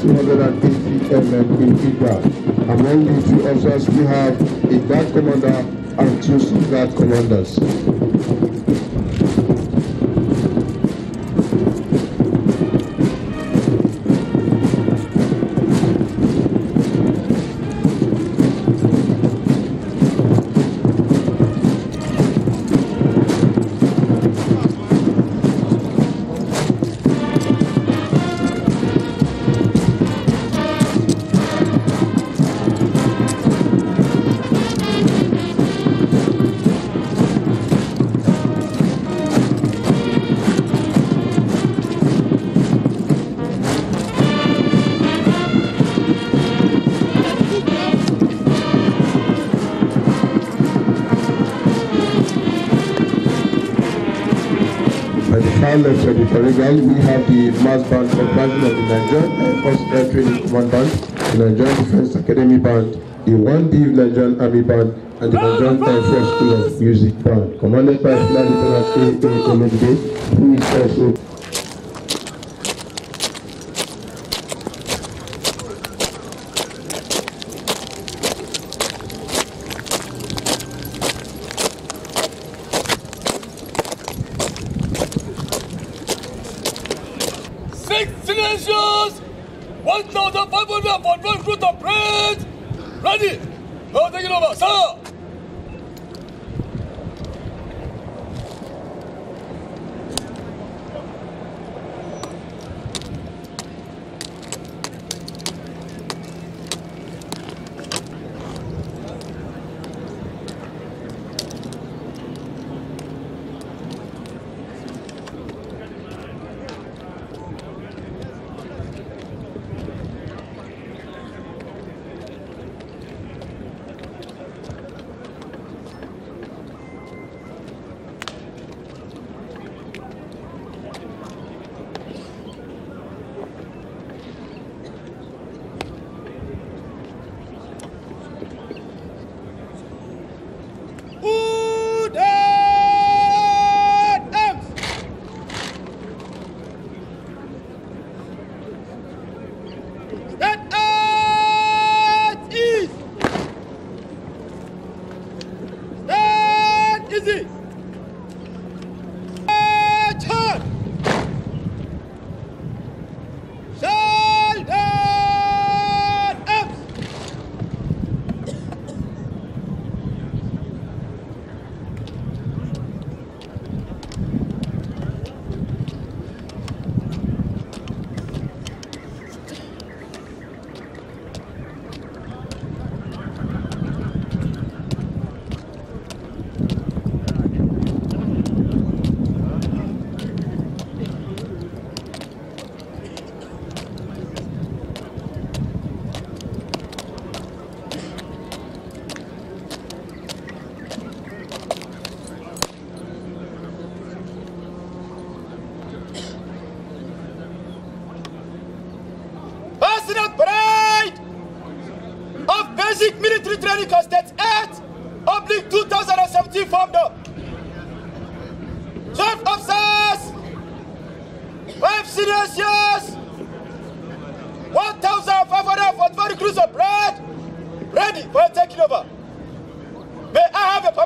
250 mm in Among the two officers, we have a guard commander and two guard commanders. of the Guys, we have the mass band compartment of the Nigerian Air Training Command Band, the Nigerian Defense Academy Band, the 1D Nigerian Army Band, and the Nigerian Air Force School of Music Band, commanded by Flight Lieutenant A.A. who is also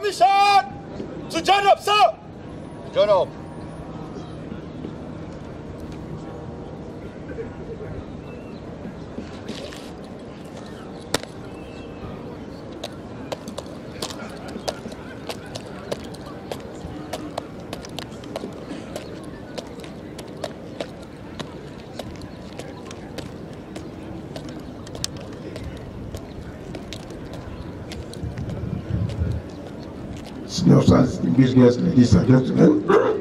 Commission! Zu up, sir! up. business, ladies and gentlemen.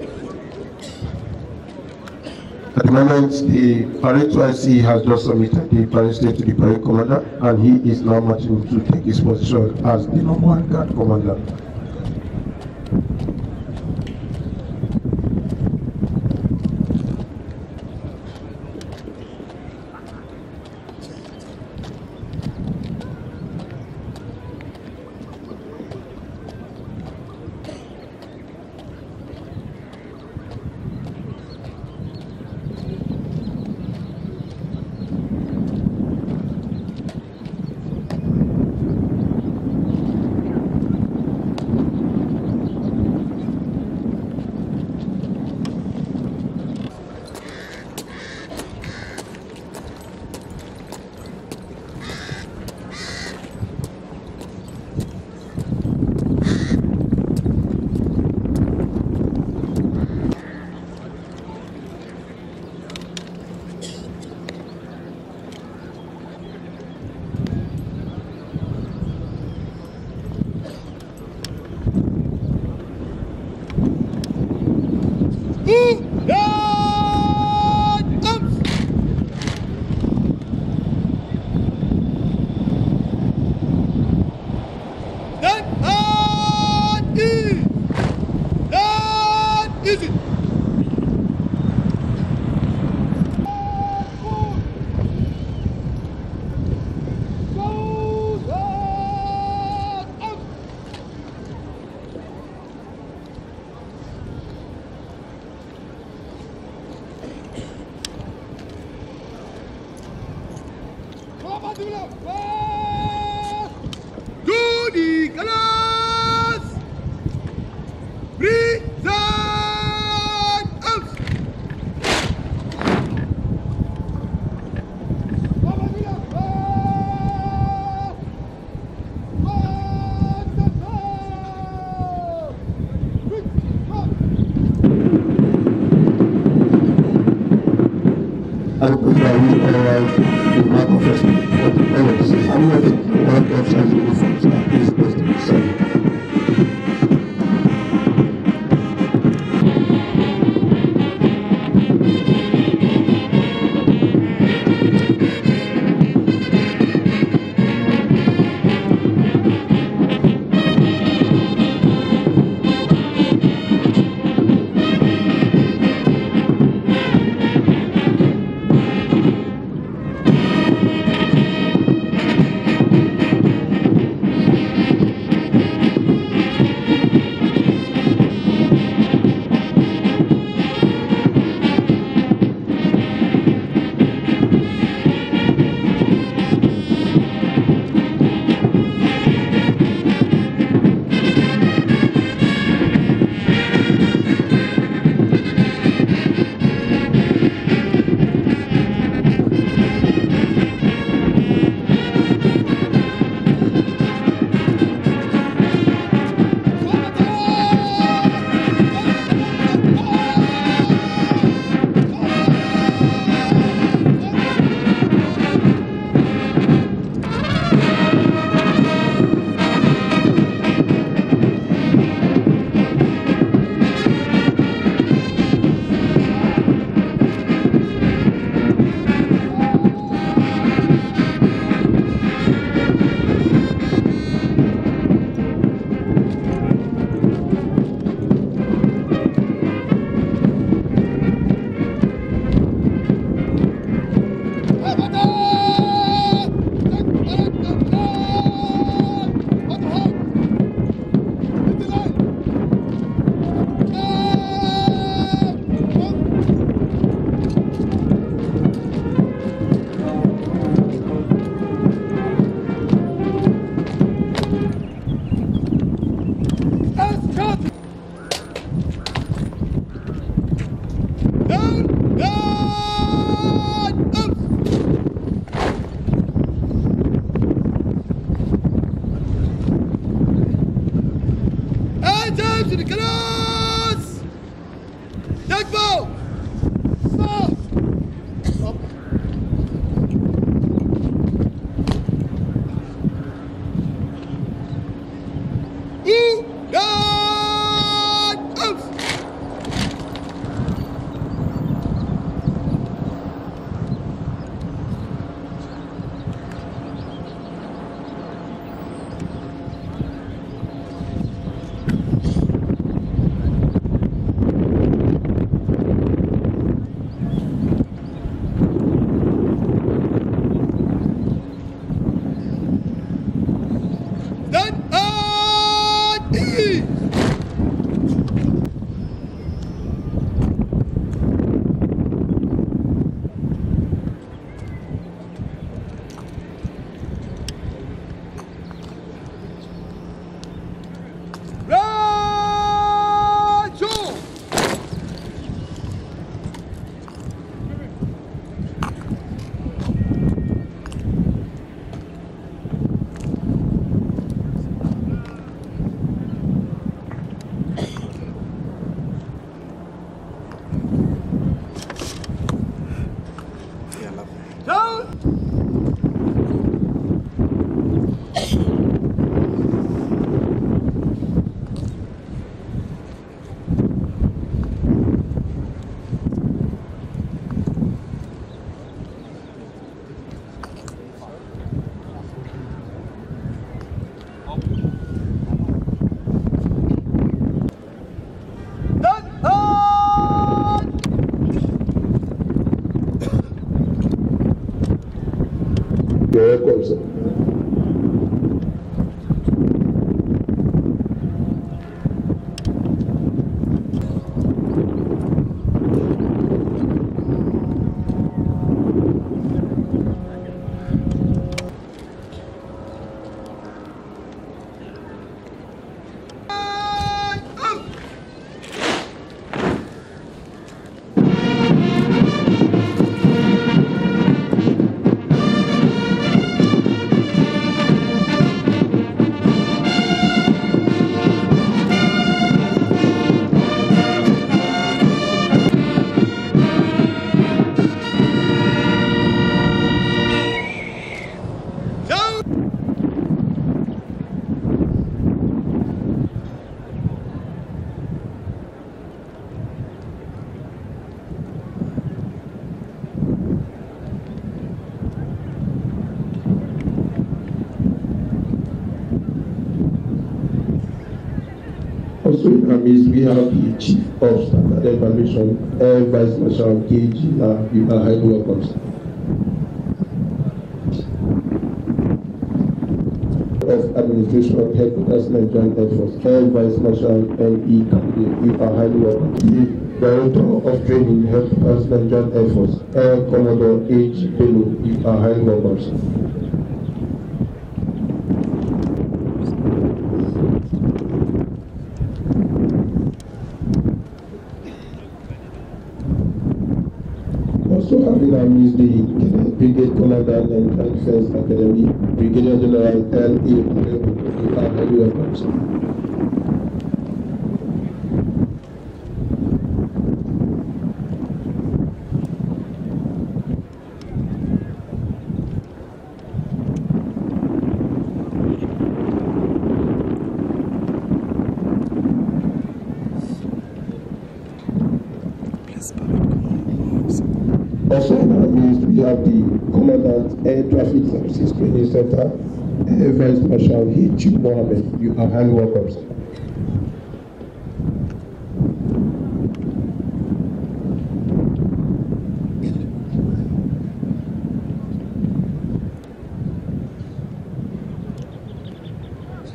At the moment, the parade IC has just submitted the parade state to the parade commander, and he is now marching to take his position as the number one guard commander. granted permission, Air Vice Marshal KGR, uh, you are highly welcome. Of Administration of Headquarters Nigerian Air Force, Air Vice Marshal N.E. Kapil, you are highly welcome. The Director of Training, Headquarters Nigerian Air Force, Air Commodore H. Bello, you are highly welcome. also having mise de Brigade Commander and la Academy, Brigadier General L.A. Mure, Air traffic services training center. Vice Marshal Hichi Mohammed, you are highly welcome, sir.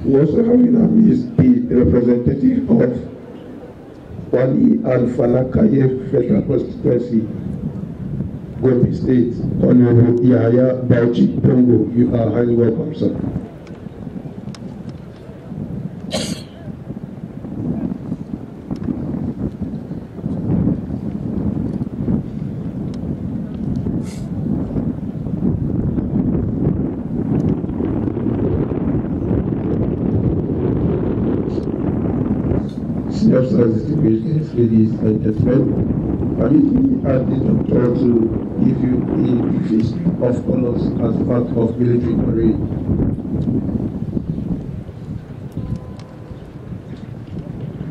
We also have in our midst the representative of Wali Al Falakayev Federal Constituency Gombe State, Honorable Yaya Bauchi Pongo, you are highly welcome, sir. At least we had the doctor to give you a list of colors as part of military parade.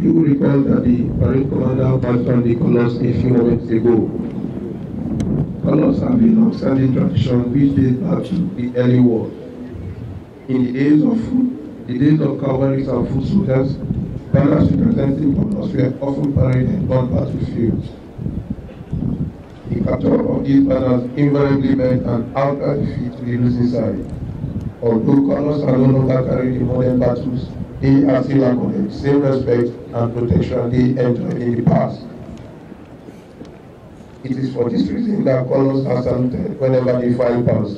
You will recall that the parade commander passed on the colors a few moments ago. Colors have been a long-standing tradition which dates back to the early war. In the days of the days of cavalry and foot soldiers, banners representing colors were often paraded on battlefields. The capture of these banners invariably meant an outright defeat to the losing side. Although colors are no longer carried in modern battles, they are still accorded the same respect and protection they enjoyed in the past. It is for this reason that colors are saluted whenever they find pass.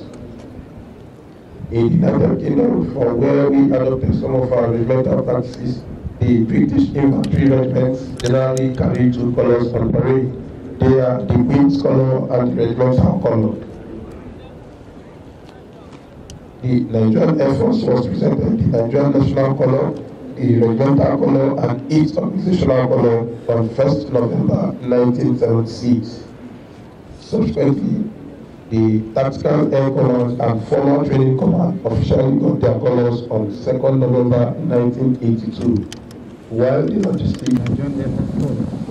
In the United Kingdom, for where we adopted some of our regimental practices, the British infantry regiments generally carried two colors on parade. They are the Queen's Color and red, Regiment of Conduct. The Nigerian Air Force was presented the Nigerian National Color, the Regimental Color, and each organizational color on 1st November 1976. Subsequently, the Tactical Air Colors and former Training Command officially got their colors on 2nd November 1982, while the Logistic Nigerian Air Force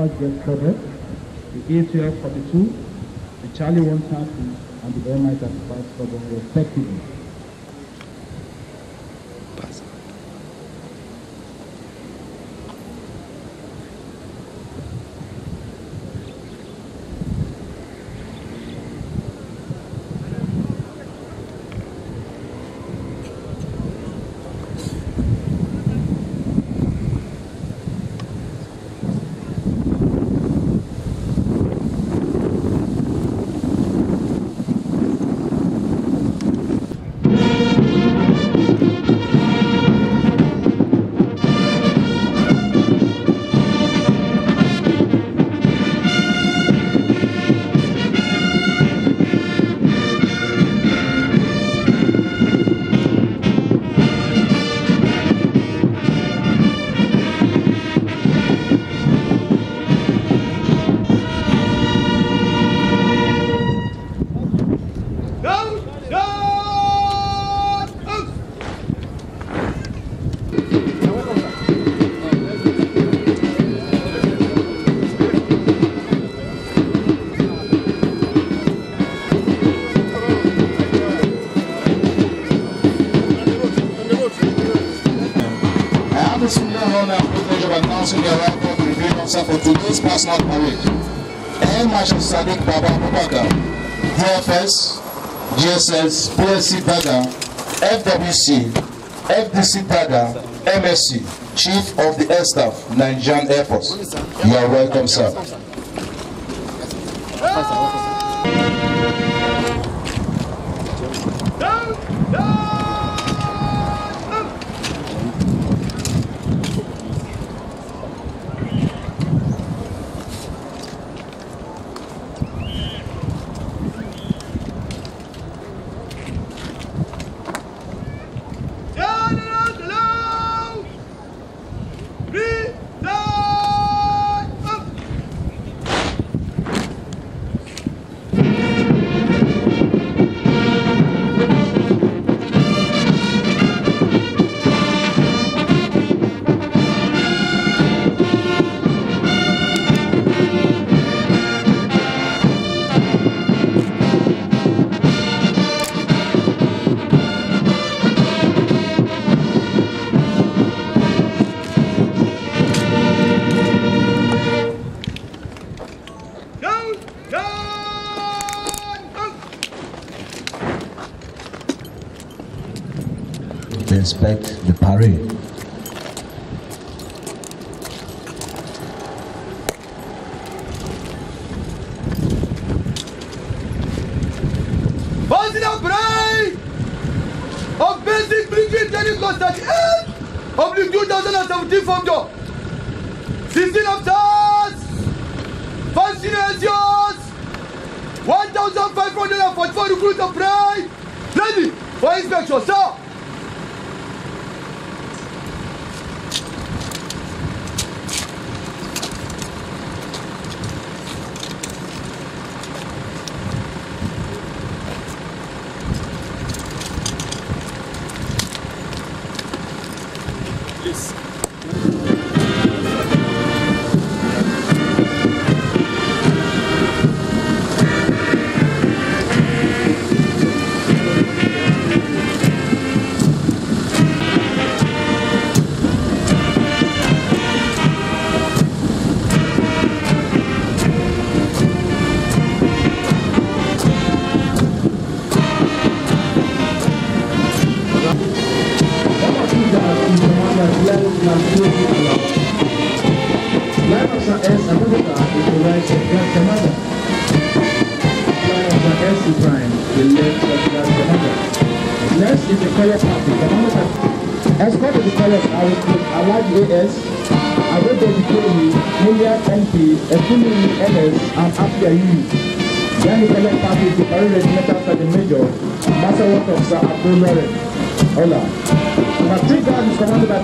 Alpha Jet Cobra, the ATL 42, the Charlie 130, and the All Night Advanced Cobra respectively. sponsor for today's personal parade, El Marshal Sadiq Baba Abubakar, DFS, GSS, PSC Daga, FWC, FDC Daga, MSC, Chief of the Air Staff, Nigerian Air Force. You are welcome, sir. respect the parade.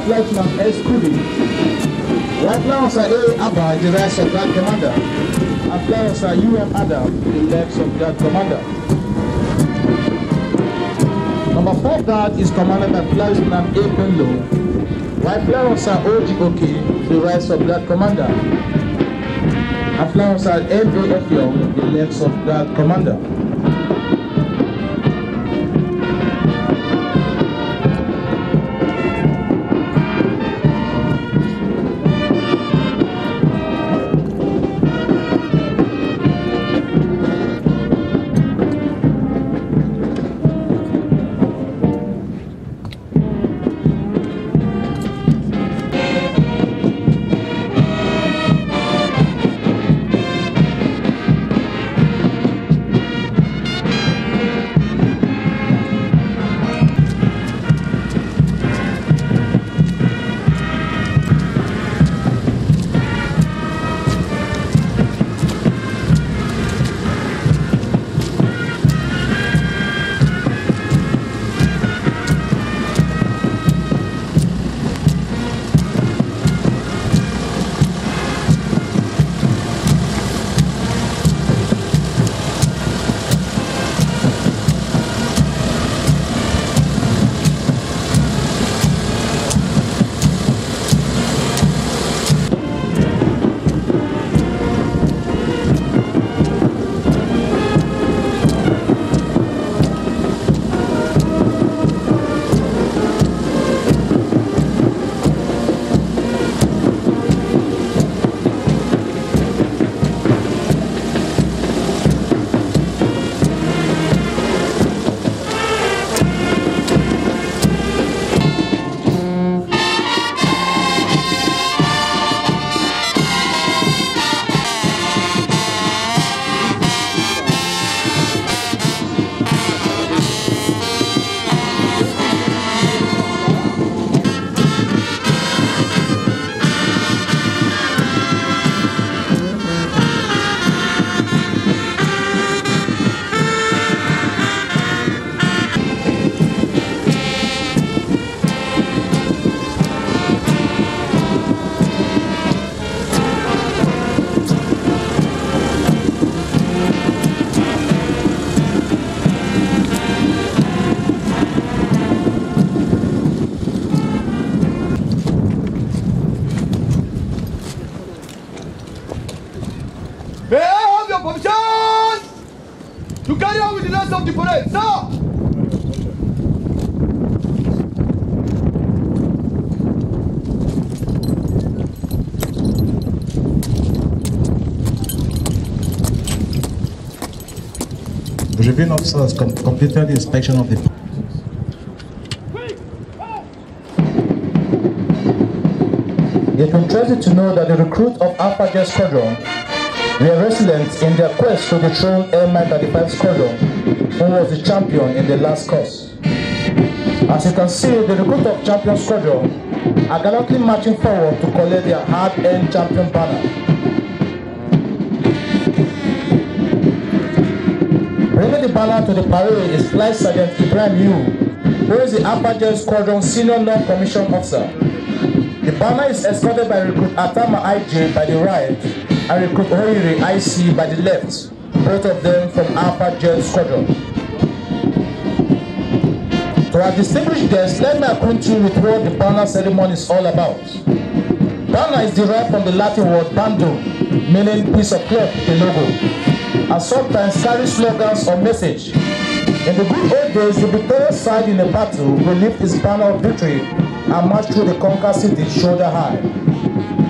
Lieutenant S. Kubi. Right now, Sir A. Abba is the Rear Subguard Commander. After now, Sir U. M. Adam is the Left that Commander. Number 4 guard is commanded by Lieutenant A. Penlow. While Flight Officer O. G. Oke is the Right that Commander. After Flight Officer M. A. Ophion is the Left that Commander. Reviewing officer has com completed the inspection of the It interesting to know that the recruits of Alpha Jet Squadron were resilient in their quest to dethrone Air Mike 35 Squadron, who was the champion in the last course. As you can see, the recruit of Champion Squadron are gallantly marching forward to collect their hard-earned champion banner. Kampala to the parade is Flight Sergeant Ibrahim Yu, who is the Apache Squadron Senior Non Commissioned Officer. The banner is escorted by Recruit Atama IJ by the right and Recruit Hoyiri IC by the left, both of them from Alpha Jet Squadron. To our distinguished guests, let me acquaint you with what the banner ceremony is all about. Banner is derived from the Latin word bando, meaning piece of cloth, the logo. and sometimes carry slogans or message. In the good old days, the victorious side in a battle will lift his banner of victory and march through the conquered city shoulder high.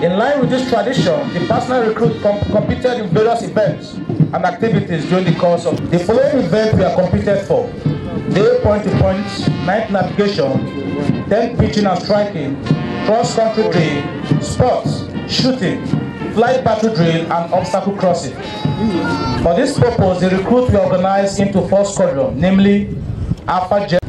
In line with this tradition, the personal recruit com competed in various events and activities during the course of the following events we are competed for. Day point to point, night navigation, then pitching and striking, cross country training, sports, shooting, Flight battle drill, and obstacle crossing. For this purpose, the recruits were organized into four squadrons, namely Alpha Jet.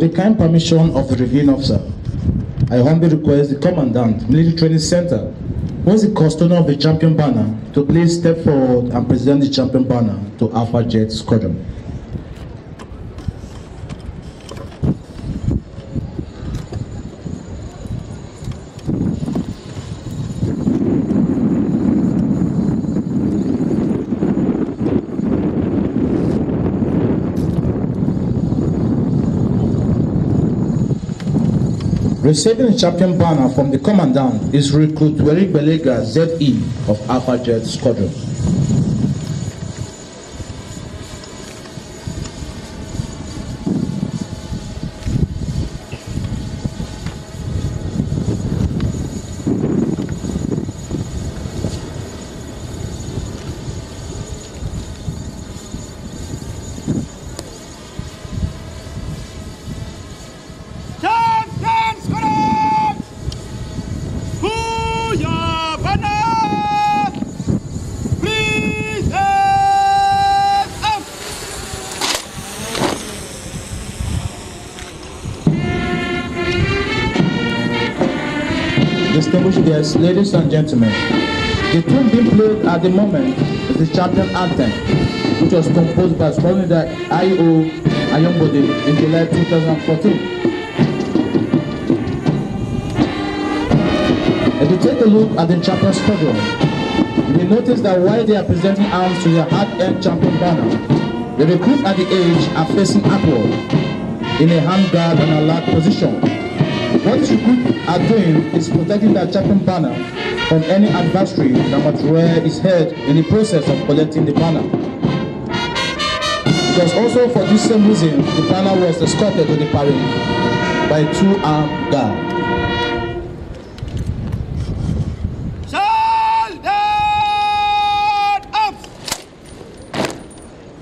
With the kind permission of the reviewing officer, I humbly request the Commandant, Military Training Center, who is the custodian of the champion banner, to please step forward and present the champion banner to Alpha Jet Squadron. Receiving champion banner from the commandant is Recruit Weri Belega ZE of Alpha Jet Squadron. distinguished guests, ladies and gentlemen. The tune being played at the moment is the Champion Anthem, which was composed by Spolnida I.O. Ayombode in July 2014. If you take a look at the champion schedule, you will notice that while they are presenting arms to their hard-earned champion banner, the recruits at the age are facing upward in a handguard and a lock position. What the group are doing is protecting the champion banner from any adversary that might rear its head in the process of collecting the banner. It was also for this same reason the banner was escorted to the parade by two armed guards.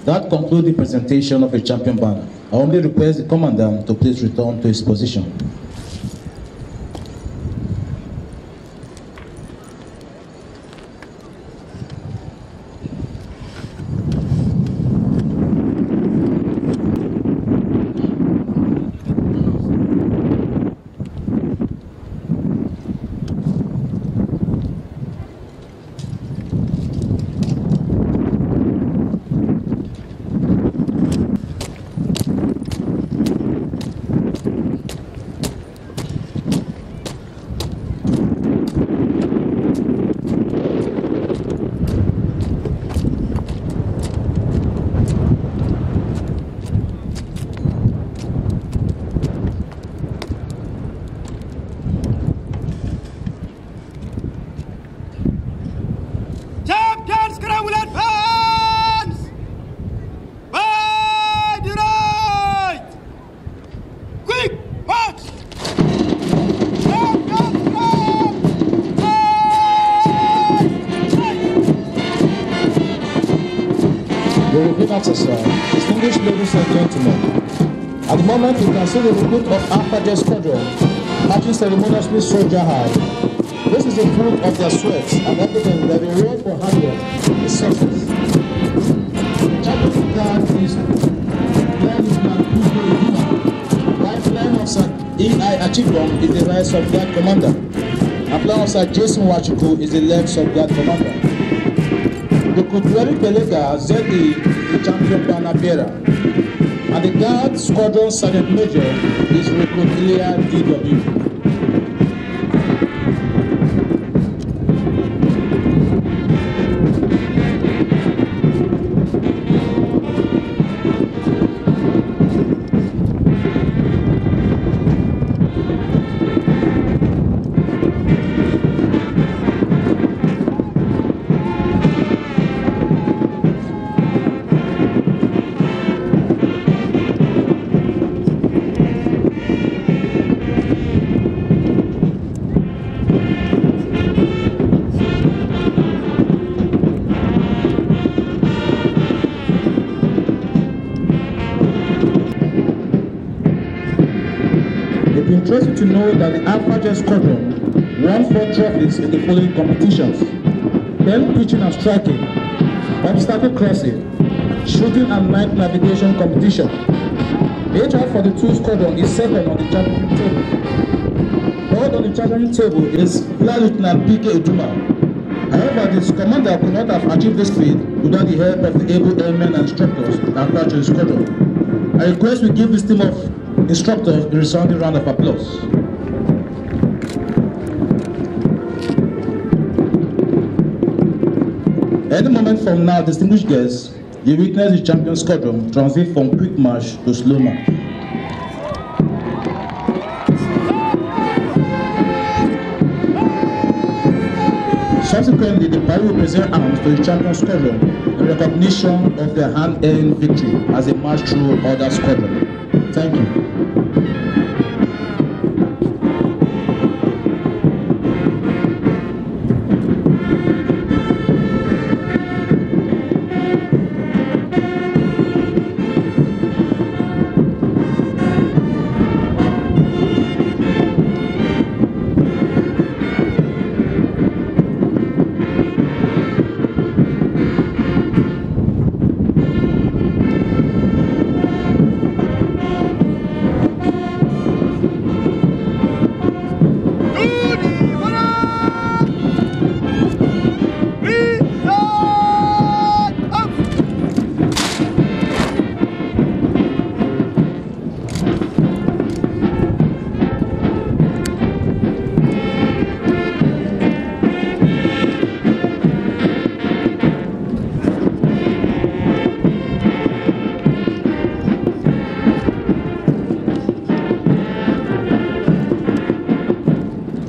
That concludes the presentation of the champion banner. I only request the commandant to please return to his position. moment, you can see the recruit of Alpha Jet Squadron marching ceremoniously soldier high. This is the fruit of their sweat and everything they've been reared for hundreds is success. Chapter of God is Lifeline of Sir E.I. Achikong is the right of guard commander. And plan of Sir Jason Wachuku is the left of guard commander. The Kutweri Pelega ZE is the champion banner bearer and the Guard Squadron Sergeant Major is Recoclia DW. carried the Alpha Squadron won four trophies in the following competitions. Then pitching and striking, obstacle crossing, shooting and night navigation competition. HR for the two squadron is second on the championship table. Third on the championship table is Flight Lieutenant PK Uduma. However, this commander could not have achieved this feat without the help of the able airmen and instructors at Patrick Squadron. I request we give this team of instructors the resounding round of applause. moment from now, distinguished guests, you witness the champion squadron transit from quick march to slow march. Subsequently, the party will present arms to the champion squadron in recognition of their hand-earned victory as they march through other squadron. Thank you.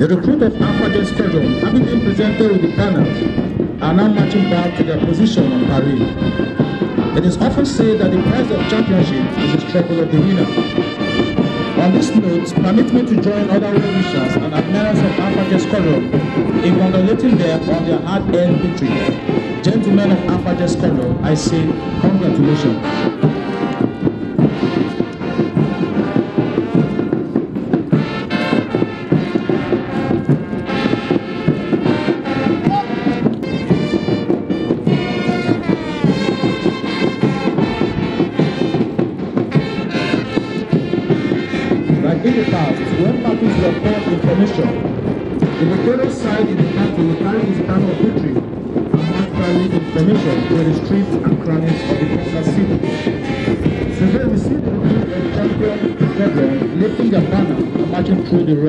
The recruit of Alpha Jet Squadron, having been presented with the banner, are now marching back to their position on parade. It is often said that the prize of championship is the struggle of the winner. On this note, permit me to join other well-wishers and admirers of Alpha Jet Squadron in congratulating them on their hard-earned victory. Gentlemen of Alpha Jet Squadron, I say congratulations.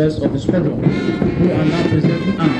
of the squadron who are now presenting arms.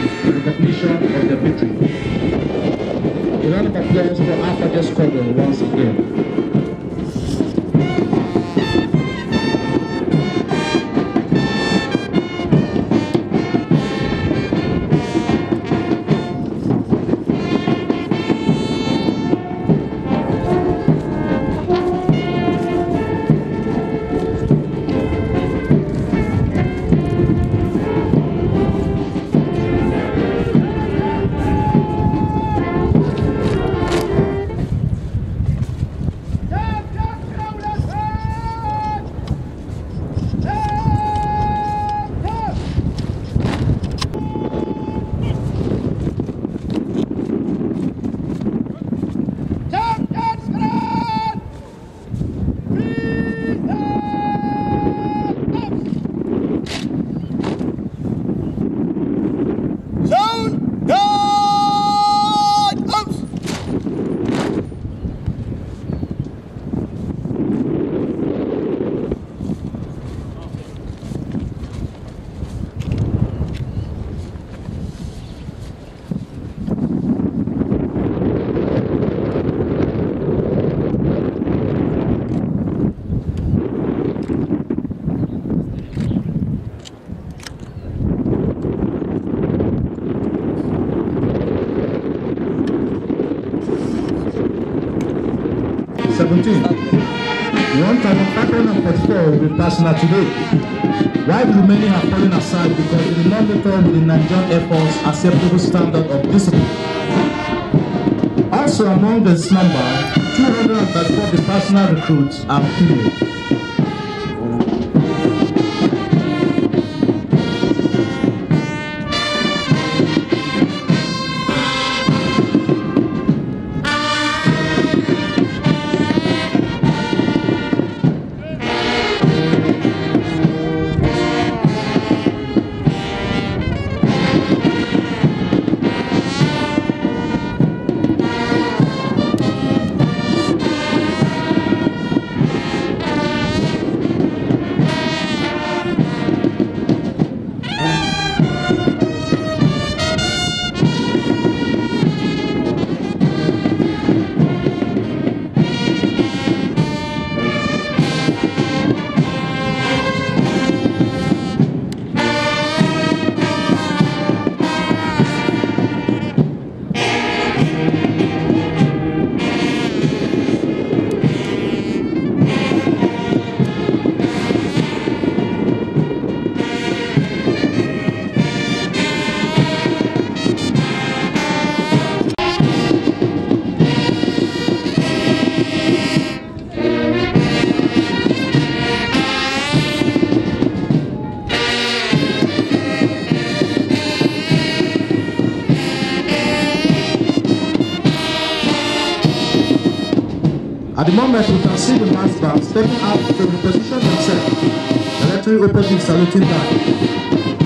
for with Arsenal today. Why the remaining are falling aside because they did not meet up with the Nigerian Air Force acceptable standard of discipline. Also among this number, 234 the personal recruits are female. by stepping up to reposition himself, electorally open the saluting back.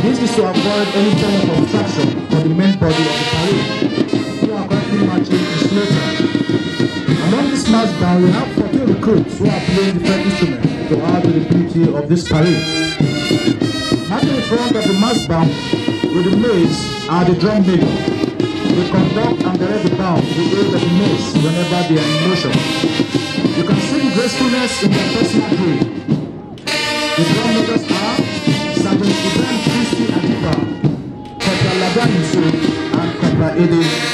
This is to avoid any form of obstruction for the main body of the parade, who are currently marching in slow time. Among this mass band, we have 14 recruits who are playing different instruments to add to the beauty of this parade. At the front of the mass band with the mace are the drum major. They conduct and direct the band to aid the mace whenever they are in motion. You can sing gracefulness in your personal way. The drum makers are Sergeant Ibrahim Christy Antifa, Corporal Laban Yusuf, and Corporal Eddie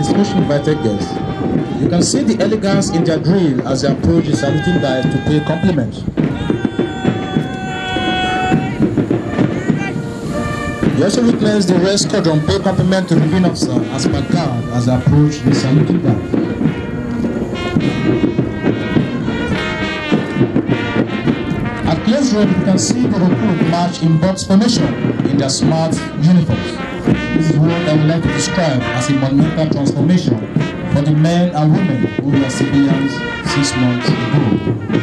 the special invited guests. You can see the elegance in their grill as they approach the saluting guys to pay compliments. You also witness the red squadron pay compliment to the Green Officer as per guard as they approach the saluting guys. At close range, you can see the recruit march in box formation in their smart uniforms. This is what I would like to describe as a monumental transformation for the men and women who were civilians six months ago.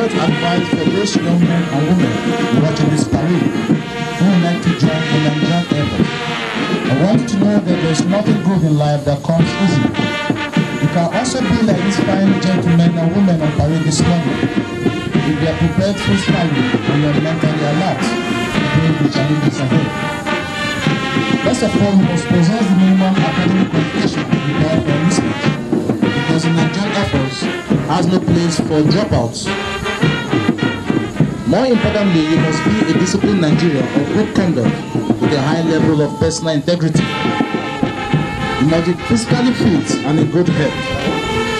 advice for this young man and woman watching this parade who would like to join the Nigerian effort. I want to know that there's nothing good in life that comes easy. You can also be like these fine gentlemen and women on parade this morning. If you are prepared physically and you are mentally alert, you will be challenges ahead. First of all, you must possess the minimum academic qualification required for research, because an Nigerian Air has no place for dropouts. More importantly, you must be a disciplined Nigerian of good conduct with a high level of personal integrity. You must be physically fit and in good health.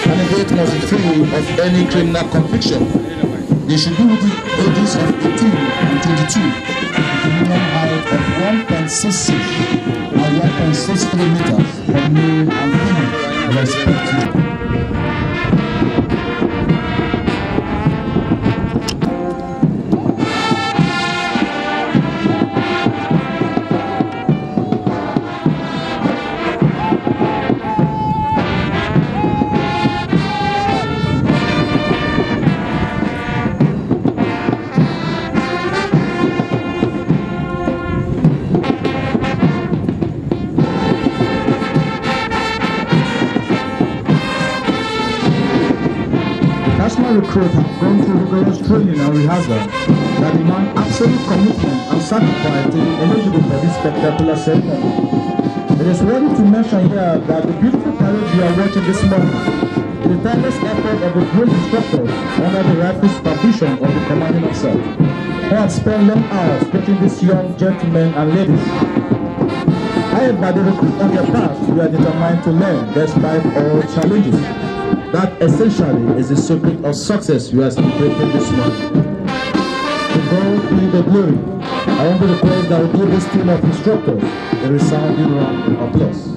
Candidate must be free of any criminal conviction. They should be within the ages of 18 and 22 with a minimum height of 1.66 and 1.63 meters for male and female respectively. training and rehearsal that demand absolute commitment and sacrifice eligible for this spectacular ceremony. It is worthy to mention here that the beautiful parade you are watching this morning the tireless effort of the drill instructors under the rapid supervision of the commanding officer, who have spent long hours teaching these young gentlemen and ladies. However, they recruit on their path, we are determined to learn despite all challenges. That essentially is the secret of success you are celebrating this morning. To God be the glory. I want to praise that we give this team of instructors a resounding round of applause.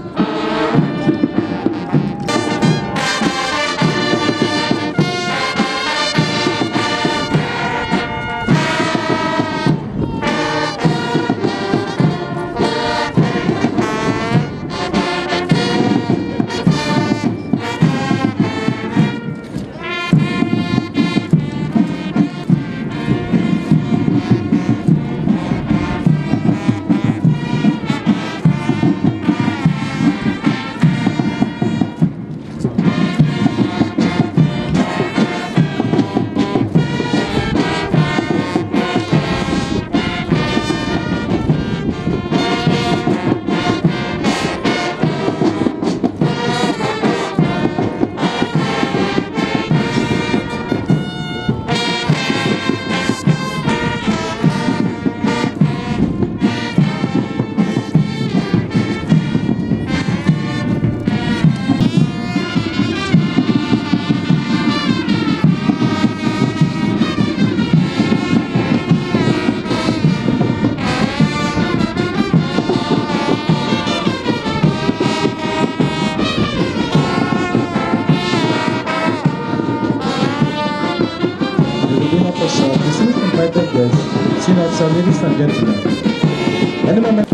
so ladies and gentlemen, any moment